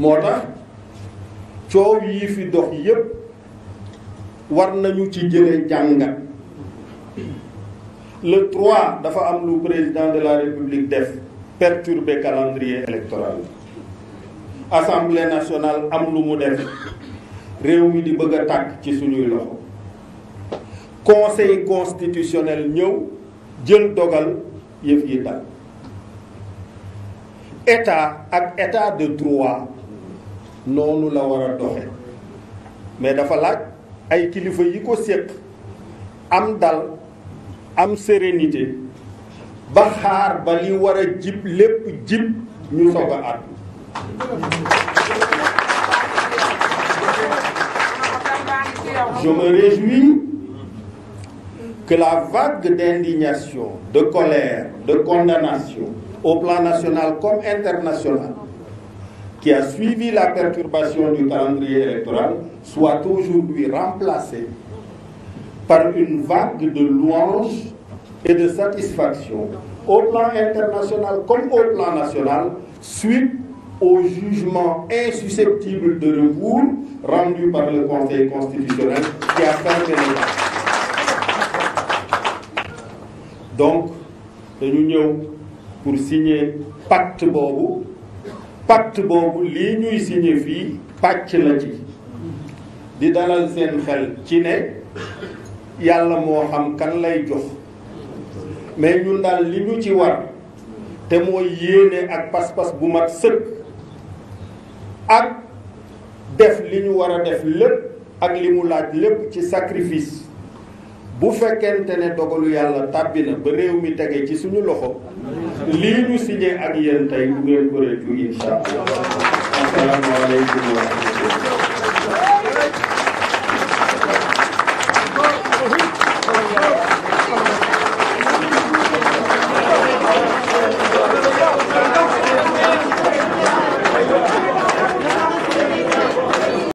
moo tax coow yii fi dox yépp war nañu ci jële jàngat le 3 dafa am lu président de la république def perturber calendrier électoral assemblée nationale am lu mu def réew mi di bëgg a tàkk ci suñuy loxo conseil constitutionnel ñëw jël dogal yëf yi tàkk état ak état de droit noonu la war a doxe mais dafa laaj ay kilifa yi ko séq am dal am sérénité ba xaar ba li war a jib lépp jib ñu soog a àddu je me vague d'indignation de colère de condamnation au plan national comme international qui a suivi la perturbation du calendrier électoral soit aujourd'hui remplacé par une vague de louanges et de satisfaction au plan international comme au plan national suite au jugement insusceptible de recours rendu par le Conseil constitutionnel qui a fermé les Donc, dañu ñëw pour signer pacte boobu pacte boobu lii ñuy signé fii pàcc la ci di dalal seen xel ci ne yàlla moo xam kan lay jox mais ñun daal li ñu ci war te mooy yéene ak pas-pas bu mat sëkk ak def li ñu war a def lépp ak li mu laaj lépp ci sacrifice bu fekkente ne dogalu yàlla tàbbi na ba réew mi tege ci suñu loxo lii ñu signé ak yéen tey du ngeen ko réccu incha